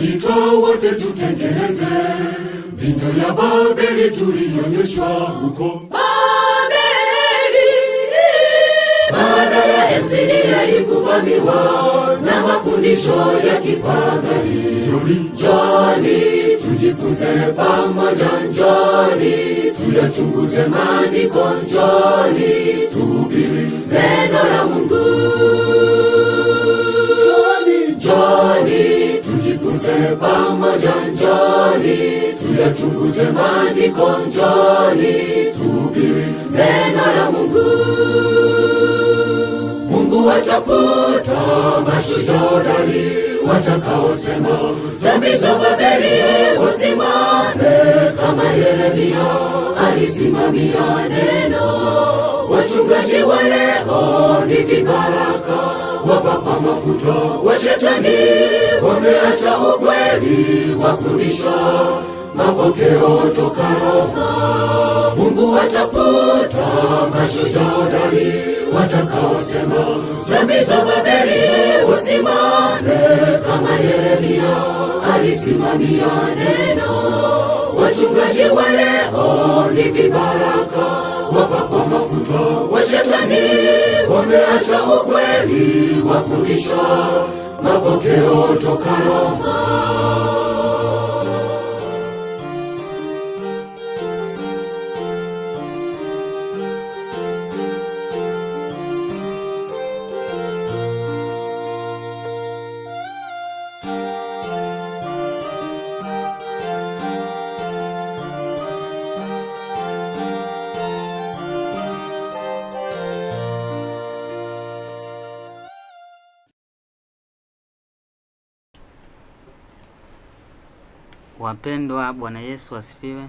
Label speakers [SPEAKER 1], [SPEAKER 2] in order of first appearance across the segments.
[SPEAKER 1] Naita wote tutengeneze vinyo ya Babeli tulionyeshwa huko Babeli. Baada ya Asiria ikuvamiwa na mafundisho ya kipagani, njoni tujifunze pamoja, njoni tuyachunguze maandiko, njoni tuhubiri neno la Mungu, njoni Tuende pamoja njoni, tuyachunguze maandiko njoni, tuhubiri neno la Mungu. Mungu atafuta mashujaa hodari watakaosema dhambi za Babeli wasimame, kama Yeremia alisimamia neno. Wachungaji wa leo ni vibaraka wapakwa mafuto washetani wameacha ukweli, wafundisha mapokeo toka Roma. Mungu watafuta mashujaa hodari watakaosema zambi za Babeli, wasimame kama Yeremia alisimamia neno. Wachungaji waleo ni vibaraka wapakwa mafuto washetani wameacha ukweli, wafundisha mapokeo Roma.
[SPEAKER 2] Wapendwa, Bwana Yesu asifiwe.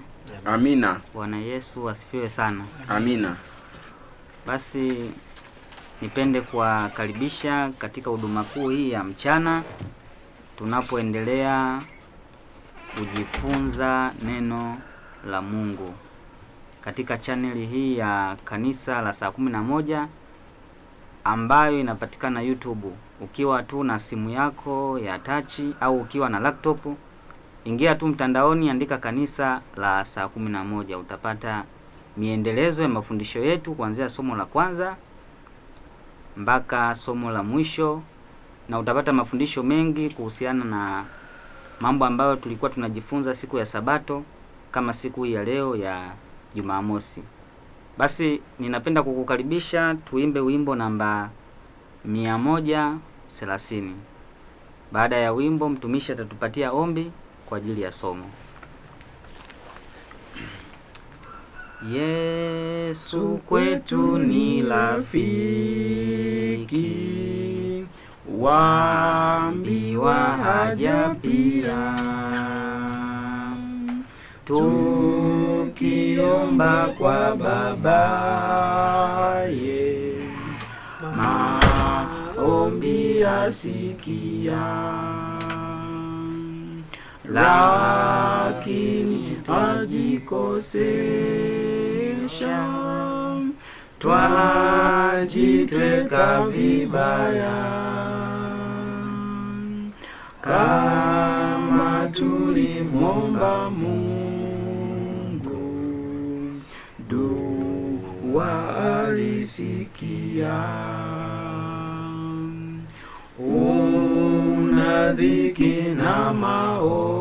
[SPEAKER 2] Amina. Bwana Yesu asifiwe sana. Amina. Basi nipende kuwakaribisha katika huduma kuu hii ya mchana tunapoendelea kujifunza neno la Mungu katika chaneli hii ya Kanisa la saa kumi na moja ambayo inapatikana YouTube. Ukiwa tu na simu yako ya tachi au ukiwa na laptop Ingia tu mtandaoni, andika kanisa la saa kumi na moja utapata miendelezo ya mafundisho yetu kuanzia somo la kwanza mpaka somo la mwisho, na utapata mafundisho mengi kuhusiana na mambo ambayo tulikuwa tunajifunza siku ya Sabato kama siku ya leo ya Jumamosi. Basi ninapenda kukukaribisha tuimbe wimbo namba mia moja thelathini. Baada ya wimbo, mtumishi atatupatia ombi kwa ajili ya somo. Yesu kwetu ni rafiki,
[SPEAKER 3] wambiwa
[SPEAKER 2] haja pia, tukiomba kwa Babaye maombi asikia lakini twajikosesha,
[SPEAKER 1] twajitweka vibaya kama tulimwomba Mungu, dua alisikia. Una dhiki na maovu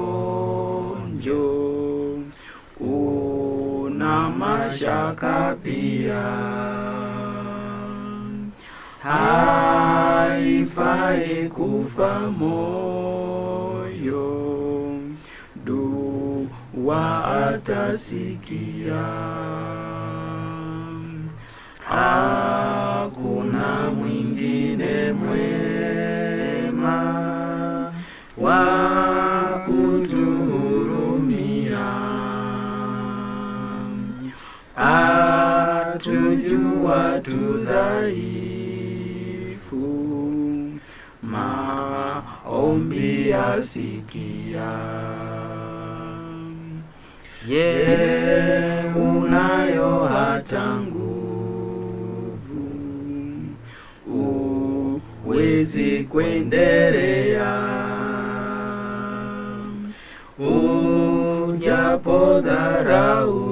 [SPEAKER 3] bila shaka pia
[SPEAKER 2] haifai kufa moyo, wa atasikia. Hakuna mwingine mwema wa kutuhu. Twajua tudhaifu,
[SPEAKER 3] maombi yasikia. Je, unayo hata nguvu
[SPEAKER 2] uwezi kuendelea, ujapo dharau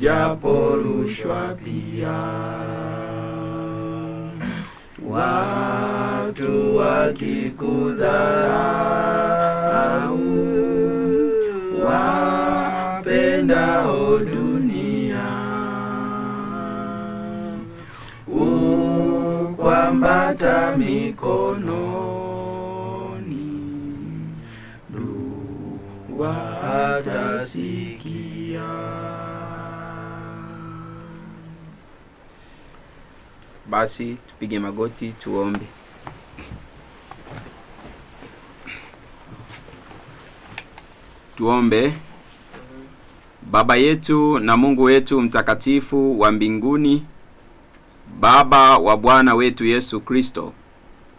[SPEAKER 3] japo rushwa pia.
[SPEAKER 1] Watu wakikudharau wapendao dunia, ukwambata mikononi,
[SPEAKER 2] dua
[SPEAKER 3] Basi tupige magoti tuombe. Tuombe. Baba yetu na Mungu wetu mtakatifu wa mbinguni, Baba wa Bwana wetu Yesu Kristo,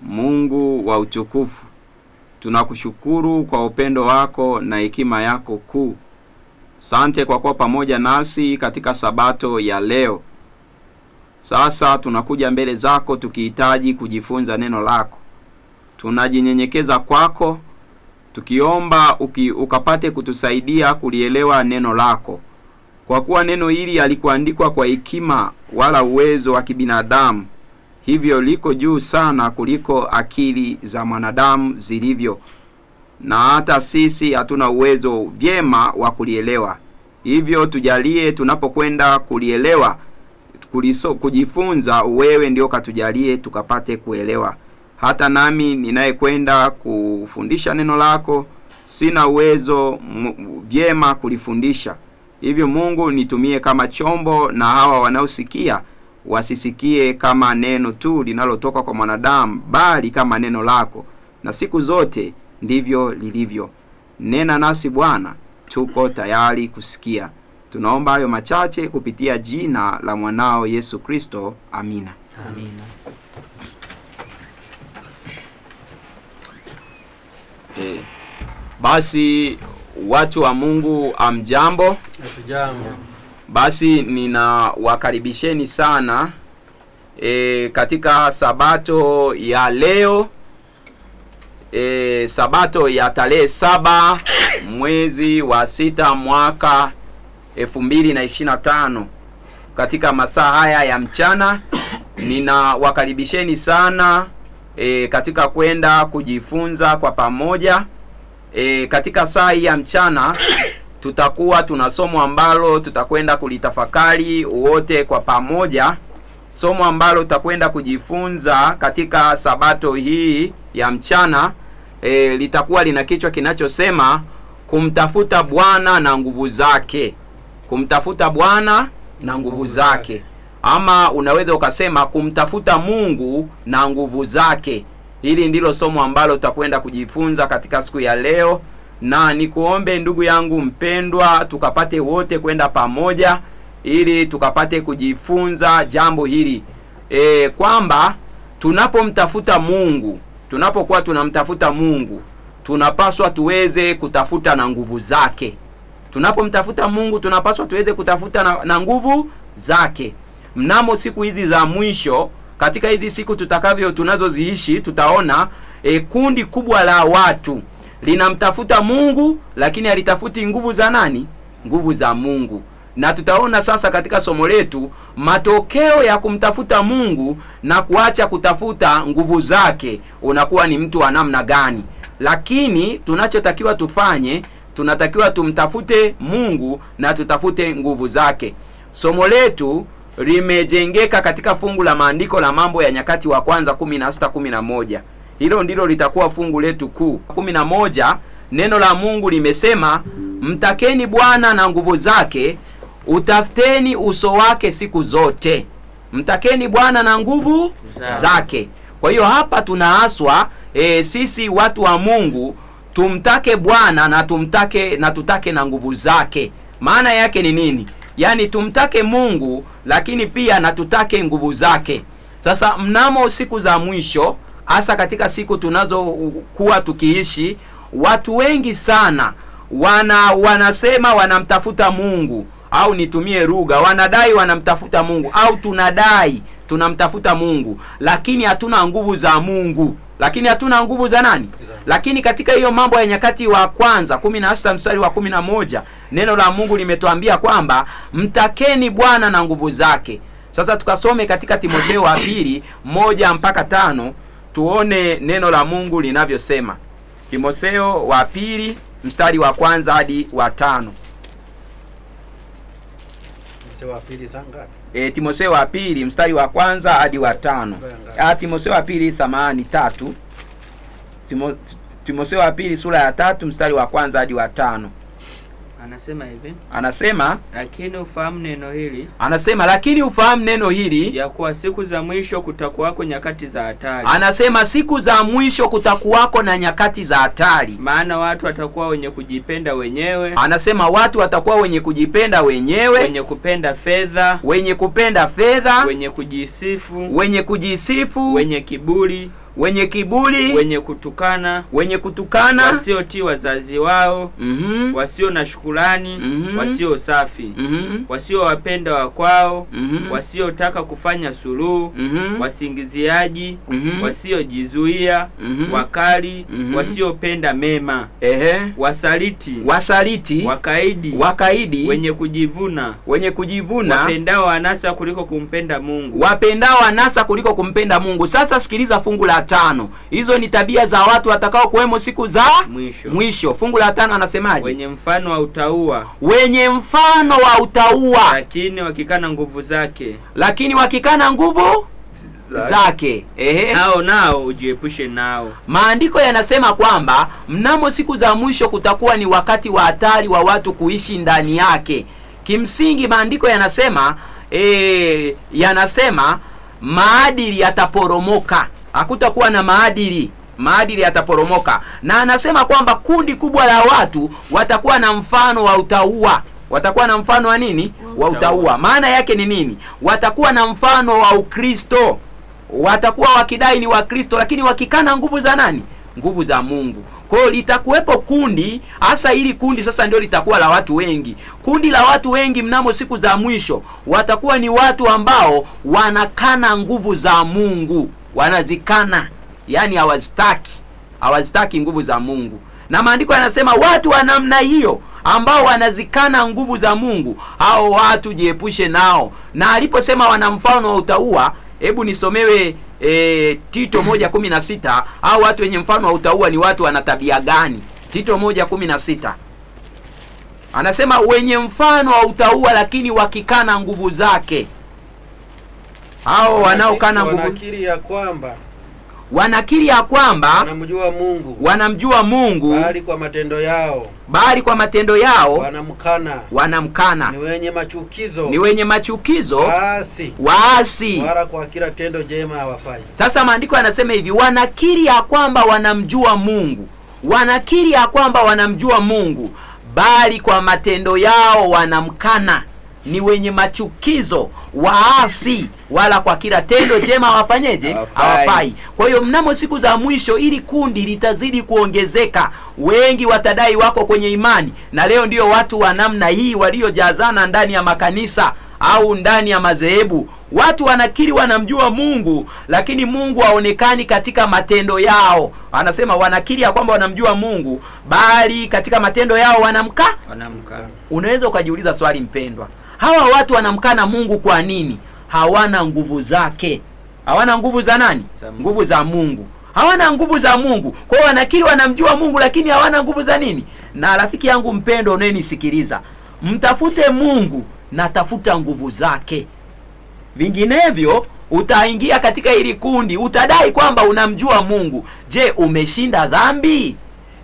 [SPEAKER 3] Mungu wa utukufu, tunakushukuru kwa upendo wako na hekima yako kuu. Sante kwa kuwa pamoja nasi katika sabato ya leo. Sasa tunakuja mbele zako tukihitaji kujifunza neno lako, tunajinyenyekeza kwako tukiomba uki, ukapate kutusaidia kulielewa neno lako, kwa kuwa neno hili halikuandikwa kwa hekima wala uwezo wa kibinadamu, hivyo liko juu sana kuliko akili za mwanadamu zilivyo, na hata sisi hatuna uwezo vyema wa kulielewa. Hivyo tujalie tunapokwenda kulielewa kuliso, kujifunza wewe ndio katujalie tukapate kuelewa. Hata nami ninayekwenda kufundisha neno lako sina uwezo vyema kulifundisha. Hivyo Mungu, nitumie kama chombo, na hawa wanaosikia wasisikie kama neno tu linalotoka kwa mwanadamu, bali kama neno lako, na siku zote ndivyo lilivyo. Nena nasi Bwana, tuko tayari kusikia. Tunaomba hayo machache kupitia jina la mwanao Yesu Kristo, amina, amina. E, basi watu wa Mungu amjambo,
[SPEAKER 2] atujambo.
[SPEAKER 3] Basi ninawakaribisheni sana e, katika sabato ya leo e, sabato ya tarehe saba mwezi wa sita mwaka elfu mbili na ishirini na tano katika masaa haya ya mchana. Ninawakaribisheni sana e, katika kwenda kujifunza kwa pamoja e, katika saa hii ya mchana tutakuwa tuna somo ambalo tutakwenda kulitafakari wote kwa pamoja, somo ambalo tutakwenda kujifunza katika sabato hii ya mchana e, litakuwa lina kichwa kinachosema kumtafuta Bwana na nguvu zake kumtafuta Bwana na nguvu zake, ama unaweza ukasema kumtafuta Mungu na nguvu zake. Hili ndilo somo ambalo tutakwenda kujifunza katika siku ya leo, na nikuombe ndugu yangu mpendwa, tukapate wote kwenda pamoja ili tukapate kujifunza jambo hili e, kwamba tunapomtafuta Mungu, tunapokuwa tunamtafuta Mungu tunapaswa tuweze kutafuta na nguvu zake. Tunapomtafuta Mungu tunapaswa tuweze kutafuta na, na nguvu zake. Mnamo siku hizi za mwisho, katika hizi siku tutakavyo tunazoziishi, tutaona e, kundi kubwa la watu linamtafuta Mungu lakini alitafuti nguvu za nani? Nguvu za Mungu. Na tutaona sasa katika somo letu matokeo ya kumtafuta Mungu na kuacha kutafuta nguvu zake, unakuwa ni mtu wa namna gani. Lakini tunachotakiwa tufanye tunatakiwa tumtafute Mungu na tutafute nguvu zake. Somo letu limejengeka katika fungu la maandiko la Mambo ya Nyakati wa Kwanza 11. Hilo ndilo litakuwa fungu letu kuu. 11 Neno la Mungu limesema, mtakeni Bwana na nguvu zake, utafuteni uso wake siku zote. Mtakeni Bwana na nguvu zake. Kwa hiyo hapa tunaaswa e, sisi watu wa Mungu tumtake Bwana na tumtake na tutake na nguvu zake. Maana yake ni nini? Yaani tumtake Mungu lakini pia na tutake nguvu zake. Sasa mnamo siku za mwisho, hasa katika siku tunazokuwa tukiishi, watu wengi sana wana wanasema wanamtafuta Mungu au nitumie lugha, wanadai wanamtafuta Mungu au tunadai tunamtafuta Mungu, lakini hatuna nguvu za Mungu lakini hatuna nguvu za nani? Lakini katika hiyo Mambo ya Nyakati wa kwanza kumi na sita mstari wa kumi na moja neno la Mungu limetuambia kwamba mtakeni Bwana na nguvu zake. Sasa tukasome katika Timotheo wa pili moja mpaka tano tuone neno la Mungu linavyosema. Timotheo wa pili mstari wa kwanza hadi wa tano.
[SPEAKER 2] Timotheo wa pili zangapi?
[SPEAKER 3] e, Timotheo wa pili mstari wa kwanza hadi wa tano. Ah, Timotheo wa pili samani tatu. Timotheo wa pili sura ya tatu mstari wa kwanza hadi wa tano.
[SPEAKER 2] Anasema hivi, anasema
[SPEAKER 3] lakini ufahamu neno hili, anasema lakini ufahamu neno hili ya kuwa siku za mwisho kutakuwako nyakati za hatari. Anasema siku za mwisho kutakuwako na nyakati za hatari, maana watu watakuwa wenye kujipenda wenyewe. Anasema watu watakuwa wenye kujipenda wenyewe, wenye kupenda fedha, wenye kupenda fedha, wenye
[SPEAKER 2] kujisifu, wenye
[SPEAKER 3] kujisifu, wenye kiburi wenye kiburi, wenye kutukana, wenye kutukana, wasiotii wazazi wao, mm -hmm. wasio na shukurani, mm -hmm. wasio safi, mm -hmm. wasiowapenda wakwao, mm -hmm. wasiotaka kufanya suluhu, mm -hmm. wasingiziaji, mm -hmm. wasiojizuia, mm -hmm. wakali, mm -hmm. wasiopenda mema, ehe, wasaliti, wasaliti, wakaidi, wakaidi, wenye kujivuna, wenye kujivuna, wapendao anasa kuliko kumpenda Mungu, wapendao anasa kuliko kumpenda Mungu. Sasa sikiliza fungu la tano. Hizo ni tabia za watu watakao kuwemo siku za mwisho. Mwisho fungu la tano anasemaje? Wenye mfano wa utaua wenye mfano wa utaua, lakini wakikana nguvu zake, lakini wakikana nguvu zake ehe, nao nao ujiepushe nao. Maandiko yanasema kwamba mnamo siku za mwisho kutakuwa ni wakati wa hatari wa watu kuishi ndani yake. Kimsingi maandiko yanasema e, yanasema maadili yataporomoka hakutakuwa na maadili, maadili yataporomoka. Na anasema kwamba kundi kubwa la watu watakuwa na mfano wa utaua watakuwa na mfano wa nini? Wa utaua. Maana yake ni nini? Watakuwa na mfano wa Ukristo, watakuwa wakidai ni Wakristo, lakini wakikana nguvu za nani? Nguvu za Mungu. Kwa hiyo litakuwepo kundi hasa, hili kundi sasa ndio litakuwa la watu wengi. Kundi la watu wengi mnamo siku za mwisho watakuwa ni watu ambao wanakana nguvu za Mungu wanazikana, yani hawazitaki, hawazitaki nguvu za Mungu. Na maandiko yanasema watu wa namna hiyo ambao wanazikana nguvu za Mungu, hao watu jiepushe nao. Na aliposema wana mfano wa utaua, hebu nisomewe e, Tito moja kumi na sita. Hao watu wenye mfano wa utaua ni watu wana tabia gani? Tito moja kumi na sita anasema wenye mfano wa utaua lakini wakikana nguvu zake hao wanaokana nguvu wanakiri
[SPEAKER 2] ya kwamba
[SPEAKER 3] wanakiri ya kwamba wanamjua Mungu, wanamjua Mungu bali kwa matendo yao, bali kwa matendo yao wanamkana, wanamkana. Ni wenye machukizo, ni wenye machukizo, waasi, waasi, wala kwa kila tendo jema hawafai. Sasa maandiko yanasema hivi, wanakiri ya kwamba wanamjua Mungu, wanakiri ya kwamba wanamjua Mungu bali kwa matendo yao wanamkana ni wenye machukizo, waasi, wala kwa kila tendo jema wafanyeje? Hawafai. Kwa hiyo mnamo siku za mwisho ili kundi litazidi kuongezeka, wengi watadai wako kwenye imani, na leo ndio watu wa namna hii waliojazana ndani ya makanisa au ndani ya madhehebu. Watu wanakiri wanamjua Mungu, lakini Mungu haonekani katika matendo yao. Anasema wanakiri ya kwamba wanamjua Mungu, bali katika matendo yao wanamka, wanamka. Unaweza ukajiuliza swali mpendwa, Hawa watu wanamkana Mungu kwa nini? Hawana nguvu zake. Hawana nguvu za nani? Nguvu za Mungu. Hawana nguvu za Mungu. Kwa hiyo wanakiri wanamjua Mungu, lakini hawana nguvu za nini? Na rafiki yangu mpendo, unayenisikiliza, mtafute Mungu na tafuta nguvu zake, vinginevyo utaingia katika hili kundi, utadai kwamba unamjua Mungu. Je, umeshinda dhambi?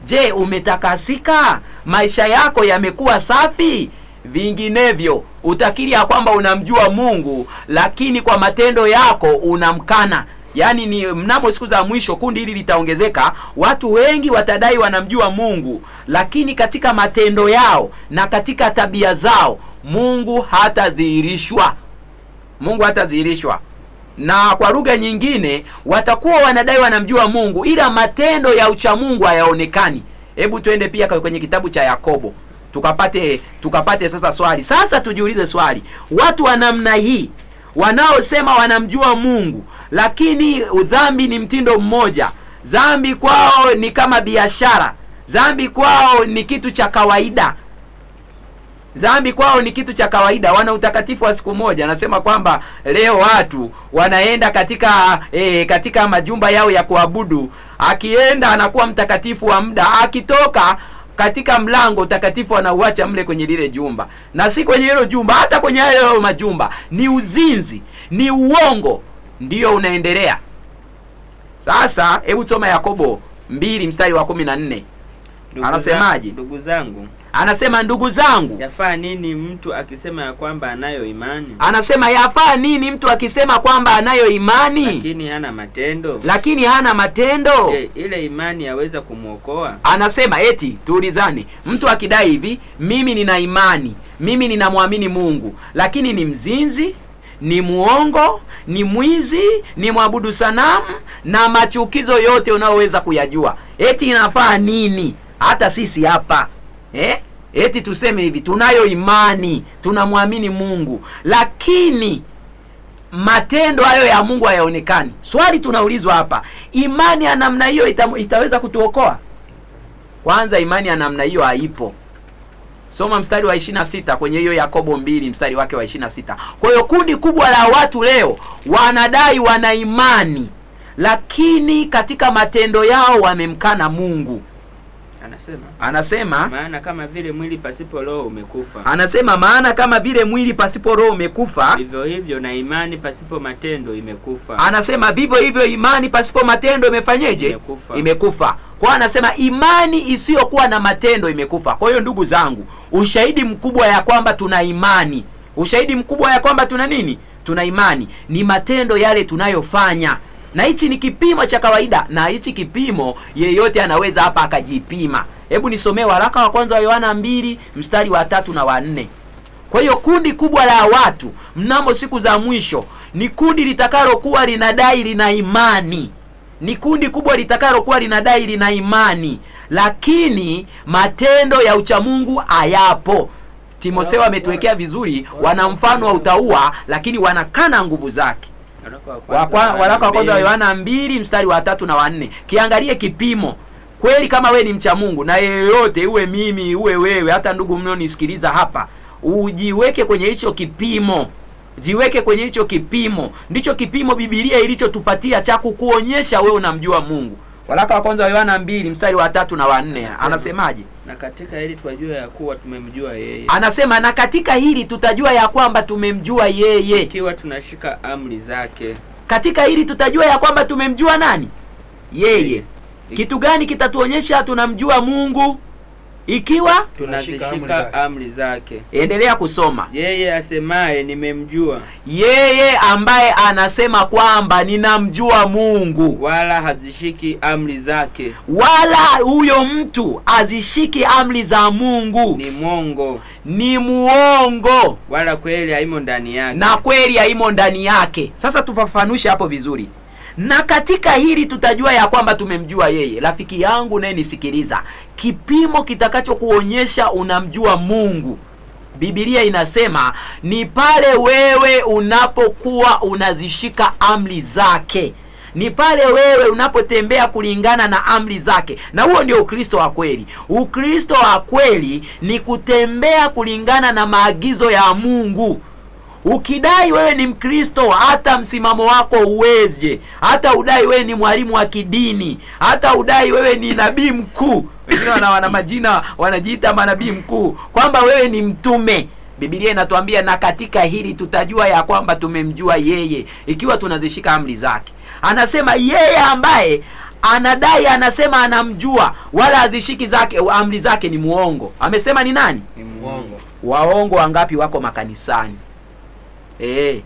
[SPEAKER 3] Je, umetakasika? Maisha yako yamekuwa safi? Vinginevyo utakiri ya kwamba unamjua Mungu, lakini kwa matendo yako unamkana. Yaani ni mnamo siku za mwisho kundi hili litaongezeka. Watu wengi watadai wanamjua Mungu, lakini katika matendo yao na katika tabia zao Mungu hatadhihirishwa. Mungu hatadhihirishwa. Na kwa lugha nyingine, watakuwa wanadai wanamjua Mungu, ila matendo ya uchamungu hayaonekani. Hebu twende pia kwenye kitabu cha Yakobo tukapate tukapate sasa swali. Sasa tujiulize swali, watu wa namna hii wanaosema wanamjua Mungu lakini udhambi ni mtindo mmoja, dhambi kwao ni kama biashara, dhambi kwao ni kitu cha kawaida zambi kwao ni kitu cha kawaida. Wana utakatifu wa siku moja. Anasema kwamba leo watu wanaenda katika e, katika majumba yao ya kuabudu, akienda anakuwa mtakatifu wa muda, akitoka katika mlango utakatifu anauacha mle kwenye lile jumba, na si kwenye hilo jumba, hata kwenye hayo majumba. Ni uzinzi, ni uongo ndiyo unaendelea sasa. Hebu soma Yakobo mbili mstari wa kumi na nne anasemaje?
[SPEAKER 2] Ndugu zangu Anasema ndugu zangu, yafaa nini mtu akisema ya kwamba anayo imani? Anasema
[SPEAKER 3] yafaa nini mtu akisema kwamba anayo imani lakini hana
[SPEAKER 2] matendo?
[SPEAKER 3] Lakini hana matendo. Je,
[SPEAKER 2] ile imani yaweza
[SPEAKER 3] kumwokoa? Anasema eti, tuulizane, mtu akidai hivi, mimi nina imani, mimi ninamwamini Mungu, lakini ni mzinzi ni muongo, ni mwizi, ni mwabudu sanamu na machukizo yote unayoweza kuyajua, eti inafaa nini? Hata sisi hapa eh? eti tuseme hivi, tunayo imani, tunamwamini Mungu, lakini matendo hayo ya Mungu hayaonekani. Swali tunaulizwa hapa, imani ya namna hiyo ita, itaweza kutuokoa? Kwanza, imani ya namna hiyo haipo. Soma mstari wa ishirini na sita kwenye hiyo Yakobo mbili mstari wake wa ishirini na sita. Kwa hiyo kundi kubwa la watu leo wanadai wana imani, lakini katika matendo yao wamemkana Mungu. Anasema, anasema maana kama vile mwili pasipo roho umekufa. Anasema maana kama vile mwili pasipo roho umekufa, vivyo hivyo na imani pasipo matendo imekufa. Anasema vivyo hivyo imani pasipo matendo imefanyeje? Imekufa, imekufa. Kwa anasema imani isiyokuwa na matendo imekufa. Kwa hiyo ndugu zangu, ushahidi mkubwa ya kwamba tuna imani, ushahidi mkubwa ya kwamba tuna nini? Tuna imani ni matendo yale tunayofanya na hichi ni kipimo cha kawaida, na hichi kipimo yeyote anaweza hapa akajipima. Hebu nisomee waraka wa kwanza wa Yohana mbili mstari wa tatu na wa nne. Kwa hiyo kundi kubwa la watu mnamo siku za mwisho ni kundi litakalokuwa linadai lina imani, ni kundi kubwa litakalokuwa linadai lina imani, lakini matendo ya uchamungu hayapo. Timotheo ametuwekea vizuri, wana mfano wa utaua, lakini wanakana nguvu zake.
[SPEAKER 2] Waraka wa kwanza wa
[SPEAKER 3] Yohana mbili mstari wa tatu na wanne. Kiangalie kipimo kweli, kama we ni mcha Mungu na yeyote, uwe mimi uwe wewe, hata ndugu mnaonisikiliza hapa, ujiweke kwenye hicho kipimo jiweke kwenye hicho kipimo. Ndicho kipimo Bibilia ilichotupatia cha kukuonyesha wewe unamjua Mungu. Waraka wa kwanza wa Yohana mbili mstari wa tatu na wanne anasemaje?
[SPEAKER 2] na katika hili tutajua ya kuwa tumemjua yeye.
[SPEAKER 3] Anasema na katika hili tutajua ya kwamba tumemjua yeye, ikiwa tunashika amri zake. Katika hili tutajua ya kwamba tumemjua nani? Yeye. Kitu gani kitatuonyesha tunamjua Mungu? ikiwa tunazishika amri zake. Endelea kusoma. Yeye asemaye nimemjua, yeye ambaye anasema kwamba ninamjua Mungu, wala hazishiki amri zake, wala huyo mtu azishiki amri za Mungu, ni mwongo, ni muongo, wala kweli haimo ndani yake, na kweli haimo ndani yake. Sasa tupafanushe hapo vizuri na katika hili tutajua ya kwamba tumemjua yeye. Rafiki yangu naye nisikiliza, kipimo kitakachokuonyesha unamjua Mungu Biblia inasema ni pale wewe unapokuwa unazishika amri zake, ni pale wewe unapotembea kulingana na amri zake, na huo ndio Ukristo wa kweli. Ukristo wa kweli ni kutembea kulingana na maagizo ya Mungu. Ukidai wewe ni Mkristo, hata msimamo wako uweje, hata udai wewe ni mwalimu wa kidini, hata udai wewe ni nabii mkuu, wengine wana wana majina wanajiita manabii mkuu, kwamba wewe ni mtume Biblia inatuambia na katika hili tutajua ya kwamba tumemjua yeye ikiwa tunazishika amri zake. Anasema yeye ambaye anadai anasema anamjua wala azishiki zake amri zake ni muongo. Amesema ni nani? Ni muongo. Waongo wangapi wako makanisani? eh.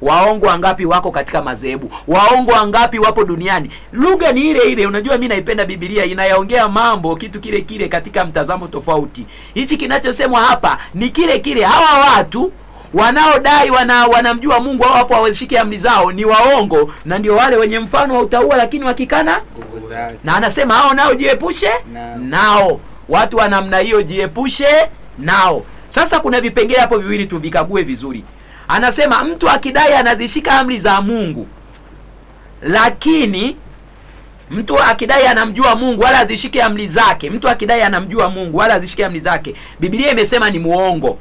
[SPEAKER 3] Waongo wangapi wako katika madhehebu? Waongo wangapi wapo duniani? Lugha ni ile ile. Unajua, mi naipenda Biblia, inayaongea mambo kitu kile kile katika mtazamo tofauti. Hichi kinachosemwa hapa ni kile kile. Hawa watu wanaodai wana wanamjua Mungu au hapo hawashiki amri zao ni waongo, na ndio wale wenye mfano wa utaua, lakini wakikana
[SPEAKER 2] na anasema hao nao
[SPEAKER 3] jiepushe nao, nao. Watu wa namna hiyo jiepushe nao. Sasa kuna vipengele hapo viwili tu, vikague vizuri anasema mtu akidai anazishika amri za Mungu, lakini mtu akidai anamjua Mungu wala azishike amri zake, mtu akidai anamjua Mungu wala azishike amri zake, Biblia imesema ni muongo.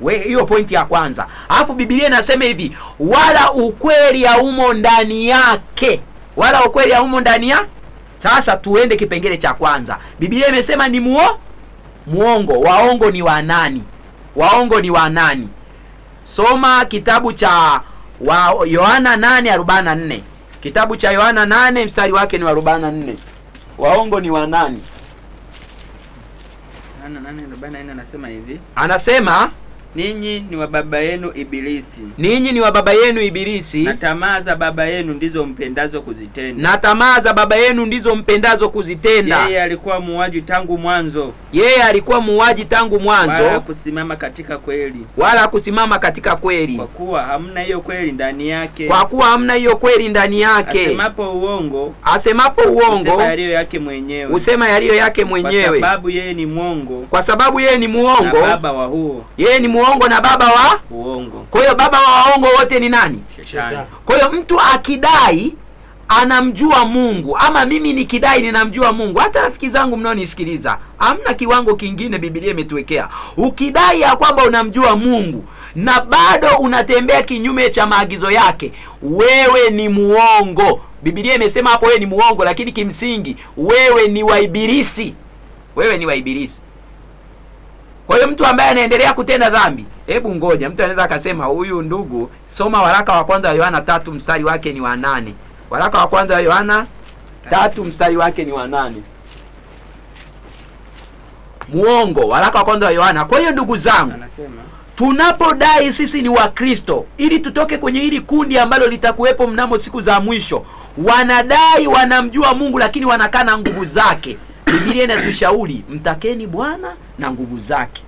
[SPEAKER 3] We, hiyo pointi ya kwanza. Alafu Biblia inasema hivi, wala ukweli umo ndani yake, wala ukweli umo ndani ya. Sasa tuende kipengele cha kwanza. Biblia imesema ni muo muongo. Waongo ni wanani? Waongo ni wanani? soma kitabu cha wa Yohana 8:44. Kitabu cha Yohana 8 mstari wake ni wa 44. Waongo ni wa nani?
[SPEAKER 2] Anasema
[SPEAKER 3] ninyi ni wa baba yenu Ibilisi, ninyi ni wa baba yenu Ibilisi, na tamaa za baba yenu ndizo mpendazo kuzitenda, na tamaa za baba yenu ndizo mpendazo kuzitenda. Yeye alikuwa muuaji tangu mwanzo, yeye alikuwa muuaji tangu mwanzo, wala kusimama katika kweli, wala kusimama katika kweli, kwa kuwa hamna hiyo kweli ndani yake, kwa kuwa hamna hiyo kweli ndani yake. Asemapo uongo, asemapo uongo, usema yaliyo yake mwenyewe, usema yaliyo yake mwenyewe, kwa sababu yeye ni mwongo, kwa sababu yeye ni muongo, na baba wa huo, yeye ni mwongo na baba wa uongo. Kwa hiyo baba wa waongo wote ni nani? Shetani. Kwa hiyo mtu akidai anamjua Mungu ama mimi nikidai ninamjua Mungu, hata rafiki zangu mnaonisikiliza, hamna kiwango kingine Biblia imetuwekea. Ukidai ya kwamba unamjua Mungu na bado unatembea kinyume cha maagizo yake, wewe ni muongo. Biblia imesema hapo wewe ni muongo, lakini kimsingi wewe ni waibilisi, wewe ni waibilisi. Kwa hiyo mtu ambaye anaendelea kutenda dhambi, hebu ngoja, mtu anaweza akasema huyu ndugu, soma waraka wa kwanza wa Yohana tatu mstari wake ni wa nane. Waraka wa kwanza wa Yohana tatu mstari wake ni wa nane. Muongo, waraka wa kwanza wa Yohana. Kwa hiyo ndugu zangu, tunapodai sisi ni Wakristo ili tutoke kwenye hili kundi ambalo litakuwepo mnamo siku za mwisho, wanadai wanamjua Mungu lakini wanakana nguvu zake. Biblia inatushauri mtakeni Bwana na nguvu zake.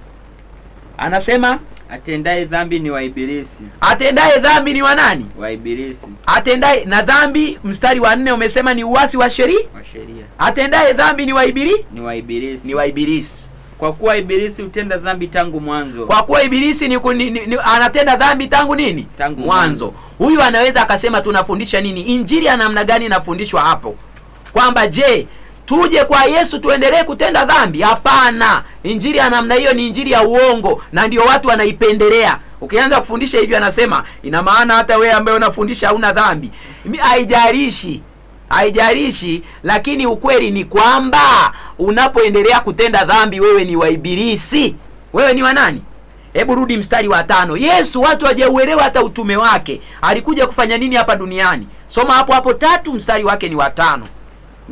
[SPEAKER 3] Anasema atendaye dhambi ni wa Ibilisi. Atendaye dhambi ni wa nani? Wa Ibilisi. Atendaye na dhambi, mstari wa nne umesema ni uasi wa sheria wa sheria. Atendaye dhambi ni wa Ibilisi, ni wa Ibilisi, ni wa Ibilisi. Kwa kuwa Ibilisi hutenda dhambi tangu mwanzo. Kwa kuwa Ibilisi ni, ni, ni, anatenda dhambi tangu nini? Tangu mwanzo. Huyu anaweza akasema tunafundisha nini? Injili ya namna gani inafundishwa hapo? Kwamba je, tuje kwa Yesu tuendelee kutenda dhambi? Hapana, injili ya namna hiyo ni injili ya uongo, na ndio watu wanaipendelea. Ukianza kufundisha hivyo, anasema ina maana hata wewe ambaye unafundisha hauna dhambi. Haijalishi, haijalishi, lakini ukweli ni kwamba unapoendelea kutenda dhambi, wewe ni wa Ibilisi. Wewe ni wa nani? Hebu rudi mstari wa tano. Yesu watu hawajauelewa hata utume wake, alikuja kufanya nini hapa duniani. Soma hapo hapo tatu mstari wake ni wa tano.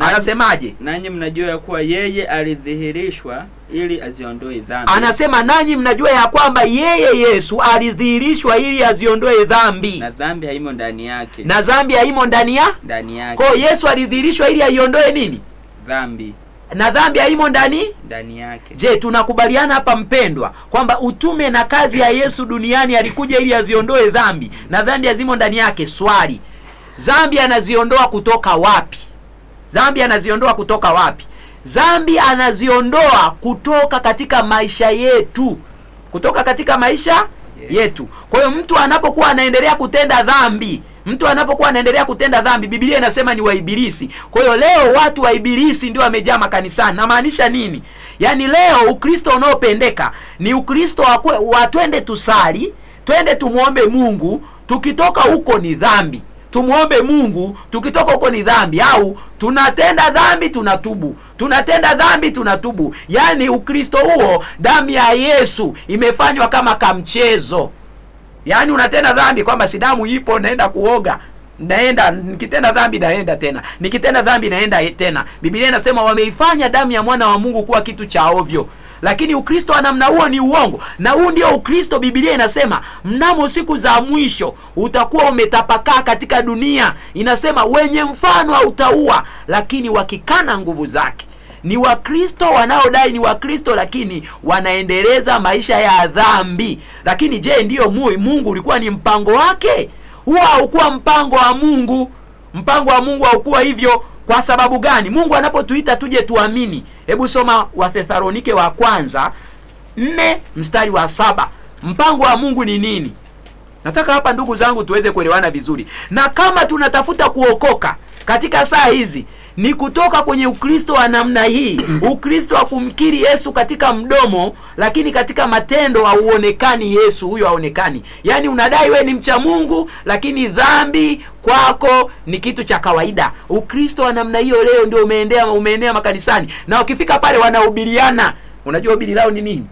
[SPEAKER 3] Anasemaje? Nanyi mnajua ya kuwa yeye
[SPEAKER 2] alidhihirishwa ili aziondoe dhambi. Anasema
[SPEAKER 3] nanyi mnajua ya kwamba yeye Yesu alidhihirishwa ili aziondoe dhambi, na dhambi haimo ndani yake, na dhambi haimo ndani ya
[SPEAKER 2] ndani yake. Kwa hiyo
[SPEAKER 3] Yesu alidhihirishwa ili aiondoe nini? Dhambi na dhambi haimo ndani
[SPEAKER 2] ndani yake.
[SPEAKER 3] Je, tunakubaliana hapa mpendwa, kwamba utume na kazi ya Yesu duniani alikuja ili aziondoe dhambi na dhambi hazimo ndani yake? Swali, dhambi anaziondoa kutoka wapi? zambi anaziondoa kutoka wapi? zambi anaziondoa kutoka katika maisha yetu, kutoka katika maisha yetu. Kwa hiyo mtu anapokuwa anaendelea kutenda dhambi mtu anapokuwa anaendelea kutenda dhambi, Biblia inasema ni waibilisi. Kwa hiyo leo watu waibilisi ndio wamejaa makanisani. Namaanisha nini? Yaani leo Ukristo unaopendeka ni Ukristo wa twende tusali, twende tumwombe Mungu, tukitoka huko ni dhambi tumwombe Mungu. Tukitoka huko ni dhambi, au tunatenda dhambi tunatubu, tunatenda dhambi tunatubu. Yaani Ukristo huo, damu ya Yesu imefanywa kama kamchezo. Yaani unatenda dhambi kwamba si damu ipo, naenda kuoga naenda nikitenda dhambi naenda tena, nikitenda dhambi naenda tena. Biblia inasema wameifanya damu ya mwana wa Mungu kuwa kitu cha ovyo lakini Ukristo wa namna huo ni uongo, na huu ndio Ukristo Biblia inasema mnamo siku za mwisho utakuwa umetapakaa katika dunia. Inasema wenye mfano hautaua, lakini wakikana nguvu zake. Ni Wakristo wanaodai ni Wakristo lakini wanaendeleza maisha ya dhambi. Lakini je, ndiyo mui Mungu ulikuwa ni mpango wake? Huwa haukuwa mpango wa Mungu. Mpango wa Mungu haukuwa hivyo. Kwa sababu gani? Mungu anapotuita tuje tuamini, Hebu soma Wathesalonike wa kwanza nne mstari wa saba. Mpango wa Mungu ni nini? Nataka hapa ndugu zangu tuweze kuelewana vizuri, na kama tunatafuta kuokoka katika saa hizi ni kutoka kwenye Ukristo wa namna hii, Ukristo wa kumkiri Yesu katika mdomo, lakini katika matendo hauonekani Yesu huyo, haonekani. Yaani unadai we ni mcha Mungu, lakini dhambi kwako ni kitu cha kawaida. Ukristo wa namna hiyo leo ndio umeenea, umeenea makanisani, na ukifika pale wanahubiriana. Unajua hubiri lao ni nini?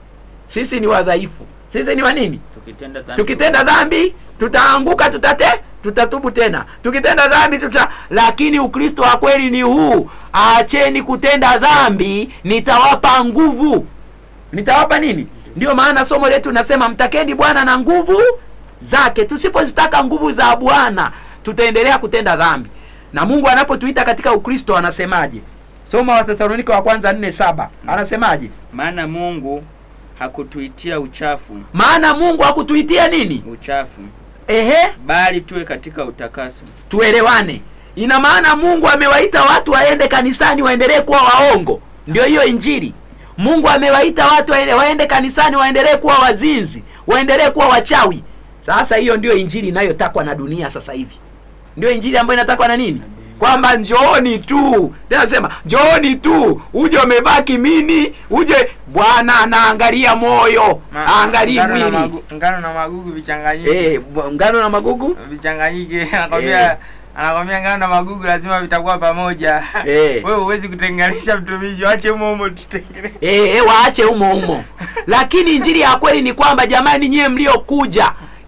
[SPEAKER 3] Sisi ni wadhaifu sisi ni wanini?
[SPEAKER 2] Tukitenda
[SPEAKER 1] dhambi, tukitenda
[SPEAKER 3] dhambi tutaanguka, tutate tutatubu tena, tukitenda dhambi tuta. Lakini Ukristo wa kweli ni huu, acheni kutenda dhambi, nitawapa nguvu, nitawapa nini? Ndiyo maana somo letu nasema mtakeni Bwana na nguvu zake. Tusipozitaka nguvu za Bwana tutaendelea kutenda dhambi, na Mungu anapotuita katika Ukristo anasemaje? Soma Wathesalonika wa kwanza nne saba anasemaje? Maana Mungu hakutuitia uchafu, maana Mungu hakutuitia nini? Uchafu. Ehe, bali tuwe katika utakaso. Tuelewane, ina maana Mungu amewaita watu waende kanisani waendelee kuwa waongo? Ndio hiyo Injili. Mungu amewaita watu waende kanisani waendelee kuwa wazinzi, waendelee kuwa wachawi. Sasa hiyo ndio Injili inayotakwa na dunia sasa hivi, ndio Injili ambayo inatakwa na nini? kwamba njooni tu tena, sema njooni tu, uje umebaki mini, uje Bwana anaangalia moyo, aangalii mwili.
[SPEAKER 2] Ngano na magugu vichanganyike, eh, ngano na magugu vichanganyike, anakwambia eh. anakwambia ngano na
[SPEAKER 3] magugu lazima vitakuwa pamoja. Eh. Wewe huwezi kutenganisha, mtumishi, waache humo humo tutengeneze,
[SPEAKER 1] eh, eh waache humo humo. Lakini injili ya kweli ni kwamba, jamani, nyie mliokuja